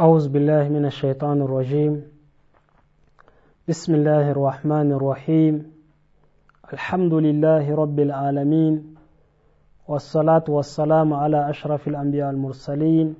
أعوذ بالله من الشيطان الرجيم بسم الله الرحمن الرحيم الحمد لله رب العالمين والصلاة والسلام على أشرف الأنبياء المرسلين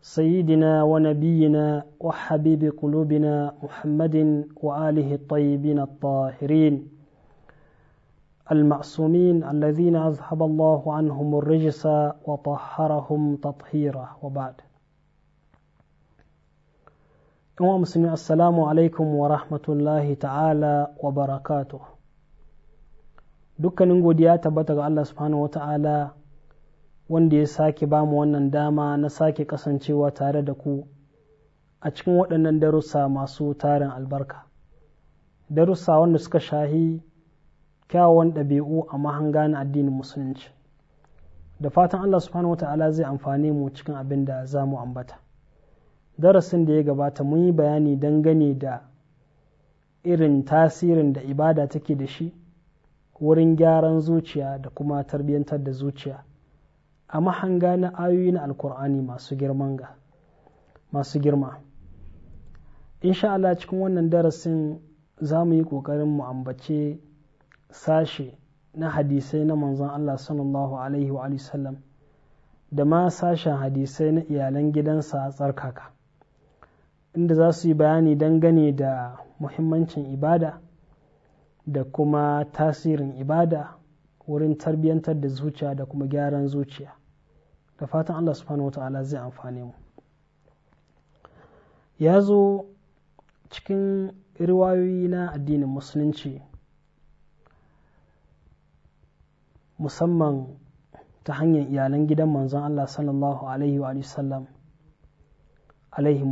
سيدنا ونبينا وحبيب قلوبنا محمد وآله الطيبين الطاهرين المعصومين الذين أذهب الله عنهم الرجس وطهرهم تطهيرا وبعد yanwa musulmi assalamu alaikum wa rahmatullahi ta'ala wa barakatu dukkanin godiya tabbata ga Allah subhanahu wa ta'ala wanda ya sake ba mu wannan dama na sake kasancewa tare da ku a cikin waɗannan darussa masu tarin albarka darussa wanda suka shahi kyawawan ɗabi'u a mahanga na addinin musulunci da fatan Allah subhanahu wa ta'ala zai amfane mu cikin abin da za mu ambata darasin da ya gabata mun yi bayani dangane da irin tasirin da ibada take da shi wurin gyaran zuciya da kuma tarbiyyantar da zuciya a mahanga na ayoyi na alkur'ani masu girma insha Allah cikin wannan darasin za mu yi ƙoƙarin mu ambace sashe na hadisai na manzon Allah sallallahu alaihi wa sallam da ma sashen hadisai na iyalan gidansa tsarkaka inda za su yi bayani dangane da muhimmancin ibada da kuma tasirin ibada wurin tarbiyyantar da zuciya da kuma gyaran zuciya da fatan allah subhanahu wata'ala zai amfani mu ya zo cikin riwayoyi na addinin musulunci musamman ta hanyar iyalan gidan manzon allah sallallahu alaihi wa sallam alaihi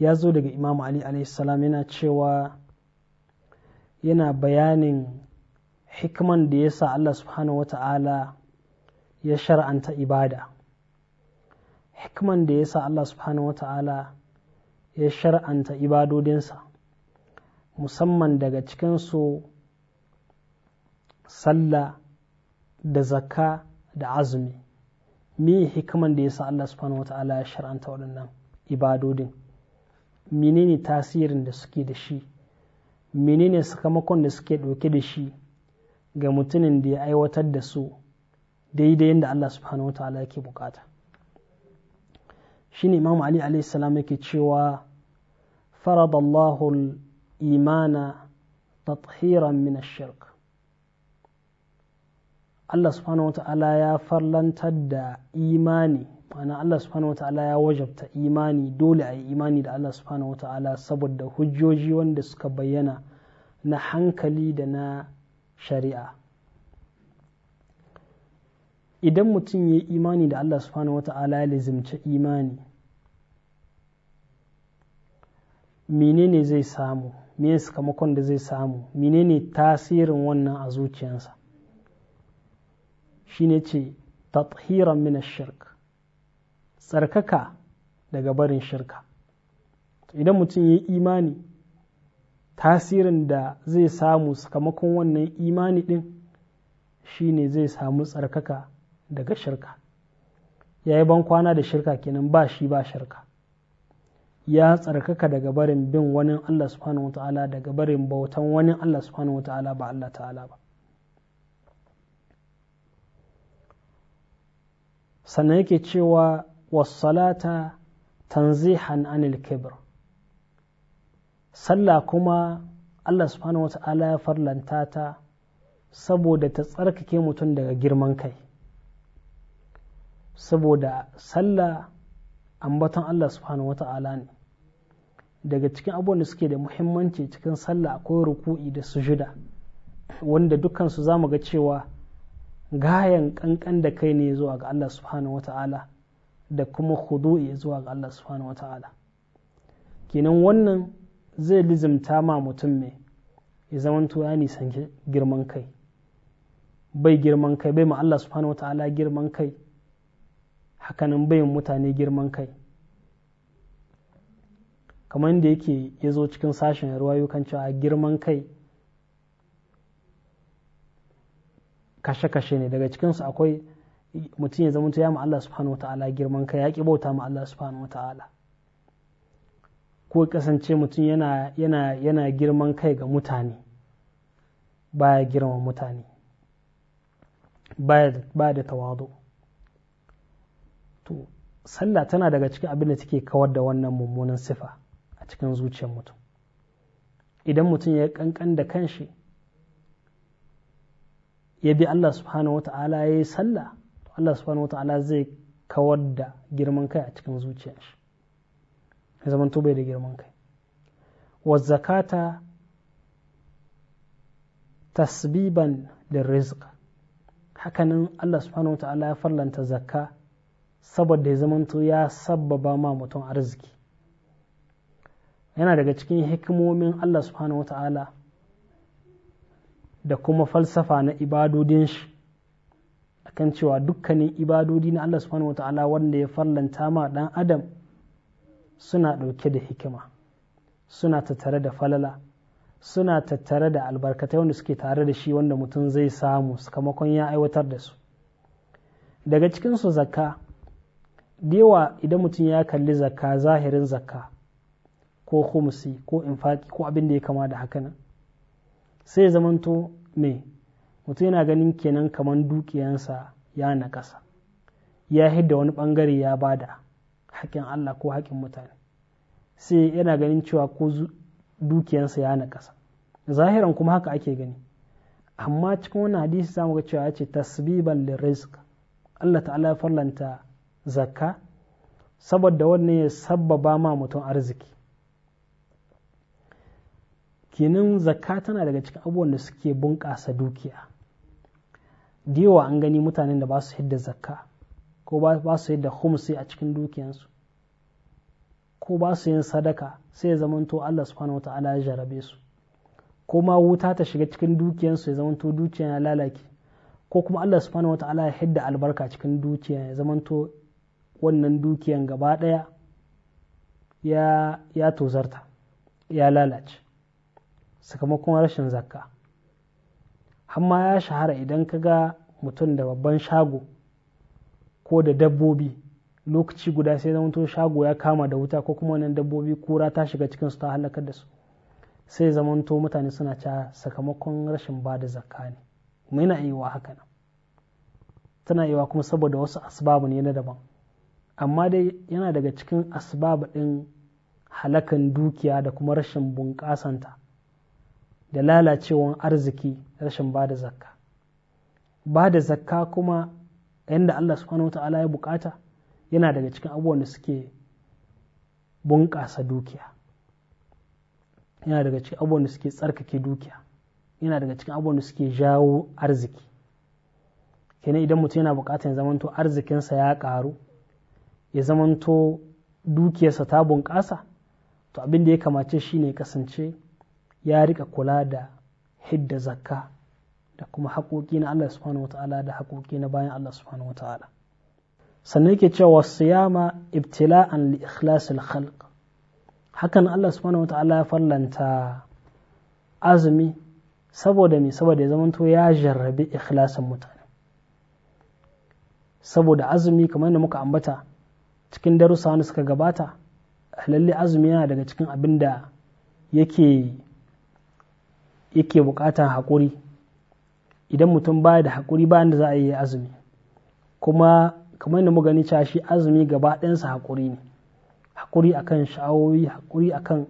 ya zo daga imamu ali salam yana cewa yana bayanin hikman da ya sa allah subhanahu wata'ala ya shar'anta ibada hikman da ya sa allah subhanahu wata'ala ya shar'anta ibadodinsa musamman daga cikinsu sallah da zakka da azumi me hikman da ya sa allah subhanahu wata'ala ya shar'anta waɗannan ibadodin menene tasirin da suke da shi menene sakamakon da suke ɗauke da shi ga mutumin da ya aiwatar da su daidai yadda Allah subhanahu ta'ala yake bukata shine Imam Ali alayhi salam yake cewa faradallahu imana tathiran min ash-shirk Allah subhanahu ta'ala ya farlantar da imani ma'ana Allah subhanahu wa ta'ala ya wajabta imani dole a yi imani da Allah subhanahu wa ta'ala saboda hujjoji wanda suka bayyana na hankali da na shari'a idan mutum ya yi imani da Allah subhanahu wa ta'ala ya lizimci imani menene zai samu menene sakamakon da zai samu menene tasirin wannan a zuciyarsa shine ce tathiran min shirk tsarkaka daga barin shirka idan mutum ya imani tasirin da zai samu sakamakon wannan imani ɗin shine zai samu tsarkaka daga shirka ya yi bankwana da shirka kenan ba shi ba shirka ya tsarkaka daga barin bin wani Allah subhanahu wata'ala daga barin bautan wani Allah subhanahu wata'ala ba Allah ta'ala ba sannan yake cewa wasalata tanzihan anil kebir sallah kuma Allah subhanahu wa ta'ala ya farlanta ta saboda ta tsarkake mutum daga girman kai saboda sallah ambaton Allah subhanahu wa ta'ala ne daga cikin abubuwan da suke da muhimmanci cikin sallah akwai ruku'i da sujuda wanda dukansu za mu ga cewa gayan kankan da kai ne zuwa ga Allah subhanahu wa ta'ala da kuma khudu'i zuwa ga Allah subhanahu wata'ala kenan wannan zai lizimta ma mutum mai ya zamanto ya nisan girman kai bai girman kai bai ma Allah subhanahu wata'ala girman kai hakanan bai mutane girman kai kamar da yake ya zo cikin sashen ruwayo kan cewa girman kai kashe-kashe ne daga cikinsu akwai mutum ya zama ya ma Allah subhanahu wa ta'ala girman kai ya ki bauta ma Allah subhanahu wa ta'ala ko kasance mutum yana girman kai ga mutane baya girma mutane baya da tawadu to sallah tana daga cikin abin da take kawar da wannan mummunan sifa a cikin zuciyar mutum idan mutum ya kankan da kanshi ya bi Allah subhanahu wa ta'ala ya yi sallah Allah subhanahu wata'ala zai kawar da girman kai a cikin zuciya shi ya zama bai da girman kai wa zakata tasbiban da rizqa. hakanan Allah subhanahu wata'ala ya farlanta zakka saboda ya zama zamanto ya sababa ma mutum arziki yana daga cikin hikimomin Allah subhanahu wata'ala da kuma falsafa na ibadodin shi kan cewa dukkanin ibadodi na Allah subhanahu wata'ala wanda ya farlanta ma dan adam suna ɗauke da hikima suna tattare da falala suna tattare da albarkatai wanda suke tare da shi wanda mutum zai samu sakamakon ya aiwatar da su daga cikin su zakka yawa idan mutum ya kalli zakka zahirin zakka ko humusi ko infaki ko abin da ya kama da haka nan sai zamanto mai mutum yana ganin kenan kamar dukiyansa ya nakasa ya hidda wani bangare ya ba da haƙƙin Allah ko haƙƙin mutane sai yana ganin cewa ko dukiyansa ya nakasa zahiran kuma haka ake gani amma cikin wani hadisi zamu ga cewa ya ce tasbiban lirisk, Allah ta'ala ya farlanta zakka saboda wannan ya sabbaba ma mutum arziki kenan zakka tana daga cikin abubuwan da suke bunƙasa dukiya da an gani mutanen da ba su hidda zakka ko ba su hidda humsi a cikin dukiyansu ko ba su yin sadaka sai ya zamanto Allah subhanahu wata'ala ya jarabe su ko ma wuta ta shiga cikin dukiyansu ya zamanto dukiya ya lalace ko kuma Allah subhanahu wata'ala ya hidda albarka cikin dukiyan ya zamanto wannan dukiyan gaba ɗaya ya tozarta ya lalace sakamakon rashin zakka amma ya shahara idan ka ga mutum da babban shago ko da dabbobi lokaci guda sai zamanto shago ya kama da wuta ko kuma wannan dabbobi kura ta shiga cikin su ta halakar da su sai zamanto mutane suna ca sakamakon rashin ba da zakka ne kuma yana iya haka nan tana iya kuma saboda wasu asbabu ne na daban amma dai yana daga cikin asbab ɗin halakan dukiya da kuma rashin bunƙasanta da lalacewan arziki rashin ba da zakka ba da zakka kuma yadda Allah subhanahu Ta'ala ya bukata yana daga cikin abubuwan da suke bunƙasa dukiya yana daga cikin abubuwan da suke tsarkake dukiya yana daga cikin abubuwan da suke jawo arziki kenan idan mutum yana bukatar ya zamanto arzikinsa ya ƙaru ya zamanto dukiyarsa ta bunƙasa to abin da ya kamace shine ya kasance ya rika kula da hidda zakka da kuma haƙoƙi na Allah subhanahu ta'ala da haƙoƙi na bayan Allah subhanahu ta'ala. sannan yake cewa siyama ibtila'an li ikhlasil khalq hakan Allah subhanahu ta'ala ya fallanta azumi saboda me saboda ya zamanto ya jarrabi ikhlasin mutane saboda azumi kamar da muka ambata cikin darussa wanda suka gabata lalle azumi yana daga cikin abin da yake yake bukatan haƙuri idan mutum baya da haƙuri bayan da za a yi azumi kuma kamar da gani cewa shi azumi gaba ɗansa haƙuri ne haƙuri akan sha'awoyi haƙuri akan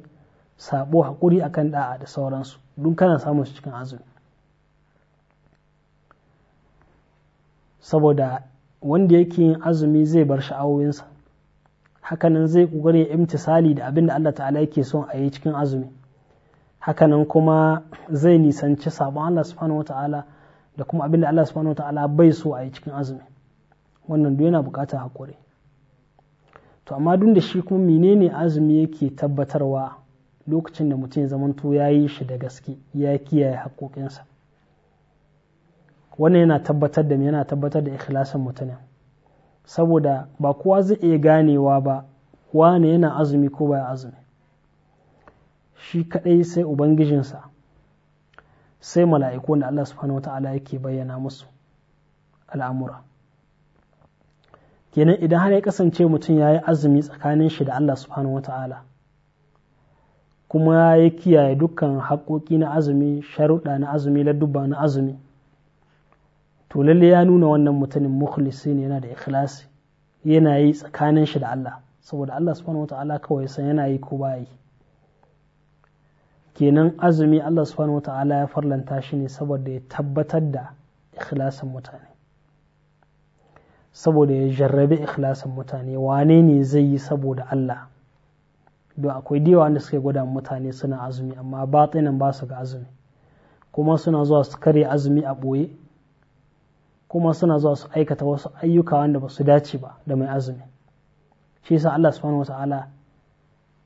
sabo haƙuri akan da'a da sauransu duk kana samun su cikin azumi saboda wanda yake yin azumi zai bar sha'awoyinsa hakanan zai ƙoƙari ya imtisali da abin da Allah ta'ala yake son a yi cikin azumi hakanan kuma zai nisanci sabon Allah subhanahu wata'ala da kuma abin da Allah subhanahu wata'ala bai so a yi cikin azumi wannan duk yana bukatar hakuri to amma duk da shi kuma menene azumi yake tabbatarwa lokacin da mutum ya zamanto ya yi shi da gaske ya kiyaye haƙoƙinsa wannan yana tabbatar da yana tabbatar da ikhlasin mutumin saboda ba kowa zai iya ganewa ba wane yana azumi ko baya azumi shi kaɗai sai ubangijinsa sai mala'iku da Allah subhanahu wata'ala yake bayyana musu al'amura kenan idan har ya kasance mutum ya yi azumi tsakanin shi da Allah subhanahu wata'ala kuma ya kiyaye dukkan haƙoƙi na azumi sharuɗa na azumi ladduba na azumi to lalle ya nuna wannan mutumin mukhlisi ne yana da ikhlasi yana yi tsakanin shi da Allah saboda Allah subhanahu wata'ala kawai san yana yi ko ba yi kenan azumi Allah subhanahu wata'ala ya farlanta shi ne saboda ya tabbatar da ikhlasin mutane saboda ya jarrabe ikhlasin mutane wane ne zai yi saboda Allah don akwai da wanda suke gwada mutane suna azumi amma batinan ba su ga azumi kuma suna zuwa su karya azumi a ɓoye kuma suna zuwa su aikata wasu ayyuka wanda ba su dace ba da mai azumi shi sa Allah subhanahu wata'ala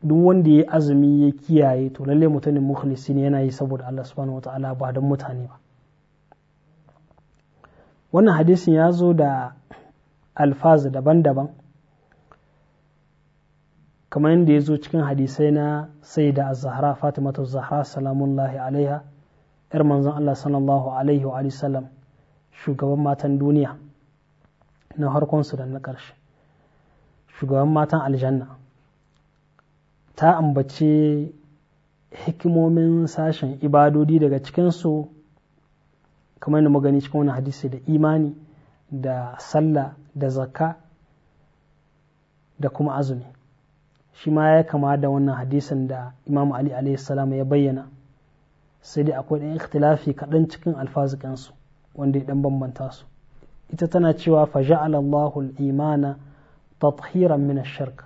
duk wanda ya azumi ya kiyaye to lalle mutumin mukhlisi ne yana yi saboda Allah subhanahu wataala ba don mutane ba wannan hadisin ya zo da alfaz daban-daban kamar yadda ya zo cikin hadisai na sai da zahra fatimatu zahra salamullahi alaiha yar manzon Allah sallallahu alaihi wa sallam shugaban matan duniya na harkonsu da na ƙarshe shugaban matan aljanna ta ambace hikimomin sashen ibadodi daga cikinsu kamar da magani cikin wani hadisi da imani da sallah da zakka da kuma azumi shi ma ya kama da wannan hadisin da imam ali salam ya bayyana sai dai akwai ɗan ikhtilafi kaɗan cikin alfazikansu wanda ya ɗan bambanta su ita tana cewa faja'alallahu al'imana imana tathiran min ash-shirk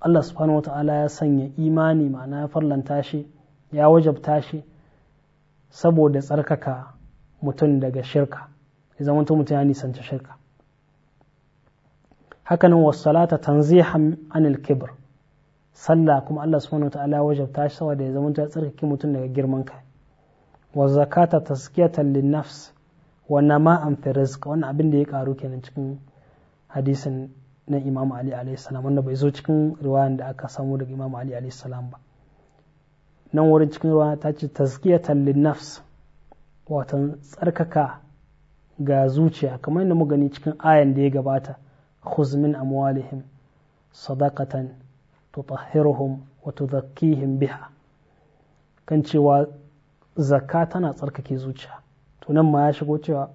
Allah subhanahu wa ta'ala ya sanya imani ma'ana ya farlanta shi ya wajabta shi saboda tsarkaka mutum daga shirka ya zama mutum ya nisanci shirka hakanan wasalata tanzihan anil kibr salla kuma Allah subhanahu wa ta'ala ya wajabta shi saboda ya zama ya tsarkake mutum daga girman kai wa zakata tazkiyatan lin nafs wa nama'an fi rizq wannan abin da ya karu kenan cikin hadisin na imam ali alaihissalam wanda bai zo cikin riwayan da aka samu daga imam ali alaihissalam ba nan wurin cikin ruwa ta ce tazkiyatan linnafs watan tsarkaka ga zuciya kamar yadda mu gani cikin ayan da ya gabata khuz min amwalihim sadaqatan tutahhiruhum wa tuzakkihim biha kan cewa zakka tana tsarkake zuciya to nan ma ya shigo cewa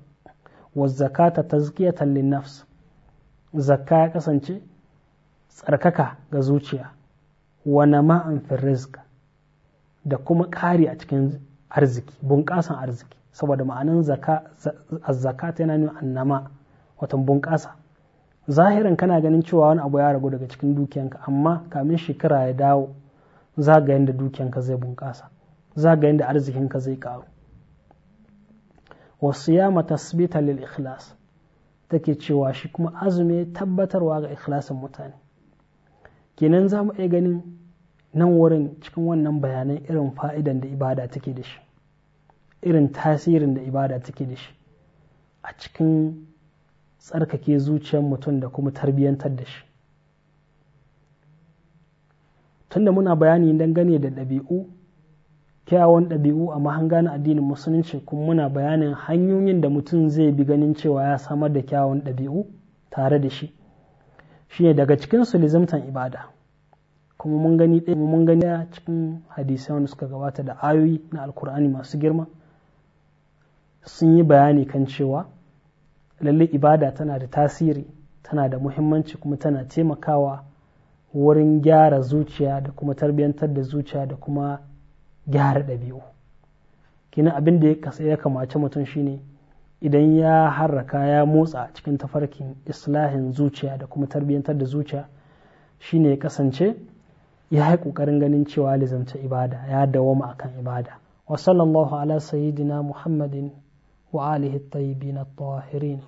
wa zakata tazkiyatan linnafs zakka ya kasance tsarkaka ga zuciya wa ma'an rizqa da kuma ƙari a cikin arziki bunƙasan arziki saboda ma'anin zakka ta yana nuna annama watan bunƙasa zahirin kana ganin cewa wani abu ya ragu daga cikin dukiyanka amma kamin shekara ya dawo za zagayen da dukiyanka zai bunƙasa za zagayen da arzikinka zai ƙaru wasu ya matasbita lil ikhlas take cewa shi kuma azumi tabbatarwa ga ikhlasin mutane kenan za mu iya ganin nan wurin cikin wannan bayanan irin fa'idan da ibada take da shi irin tasirin da ibada take da shi a cikin tsarkake zuciyar mutum da kuma tarbiyyantar da shi tunda muna bayani dangane da ɗabi'u Kyawon ɗabi'u a mahanga na addinin musulunci kuma muna bayanin hanyoyin da mutum zai bi ganin cewa ya samar da kyawon ɗabi'u tare da shi shine daga cikin su ibada kuma mun gani ɗaya mun gani cikin hadisai wanda suka gabata da ayoyi na alkur'ani masu girma sun yi bayani kan cewa lallai ibada tana da tasiri tana da muhimmanci kuma tana taimakawa wurin gyara zuciya da kuma tarbiyyantar da zuciya da kuma gyara ɗabi'u kina abin da ya kasa ya kamace mutum shine idan ya harraka ya motsa cikin tafarkin islahin zuciya da kuma tarbiyyantar da zuciya shine ya kasance ya yi ƙoƙarin ganin cewa lizamta ibada ya dawoma akan ibada wa sallallahu ala sayyidina muhammadin wa alihi tayyibin at